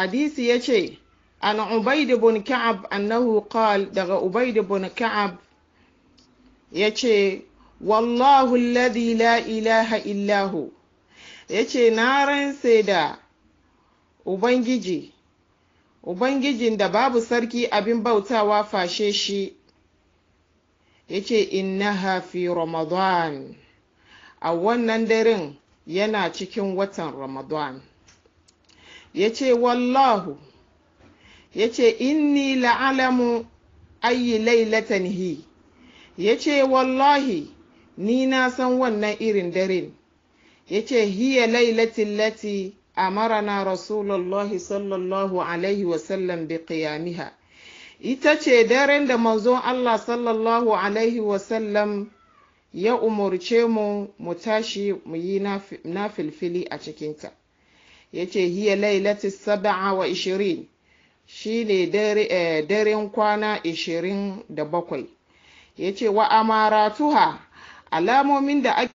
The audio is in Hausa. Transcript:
hadisi ya ce an ubaidu bin ka'ab annahu qal daga Ubaidu bin ka'ab ya ce wallahu alladhi la ilaha illahu ya ce na rantse da ubangiji ubangijin da babu sarki abin bautawa fashe shi ya ce innaha fi ramadan a wannan daren yana cikin watan ramadan ya ce wallahu ya ce inni la'alamu ayi lailatan hi ya ce wallahi ni na san wannan irin daren ya ce hiya lailatin lati amarana rasulullahi sallallahu alaihi wasallam bi qiyamiha ita ce daren da manzon Allah sallallahu alaihi wasallam ya umarce mu mu tashi mu yi na filfili a cikinta ya ce hiya lailati saba'a wa ishirin shi ne eh, daren kwana ishirin da bakwai ya ce wa amaratuha alamomin da ake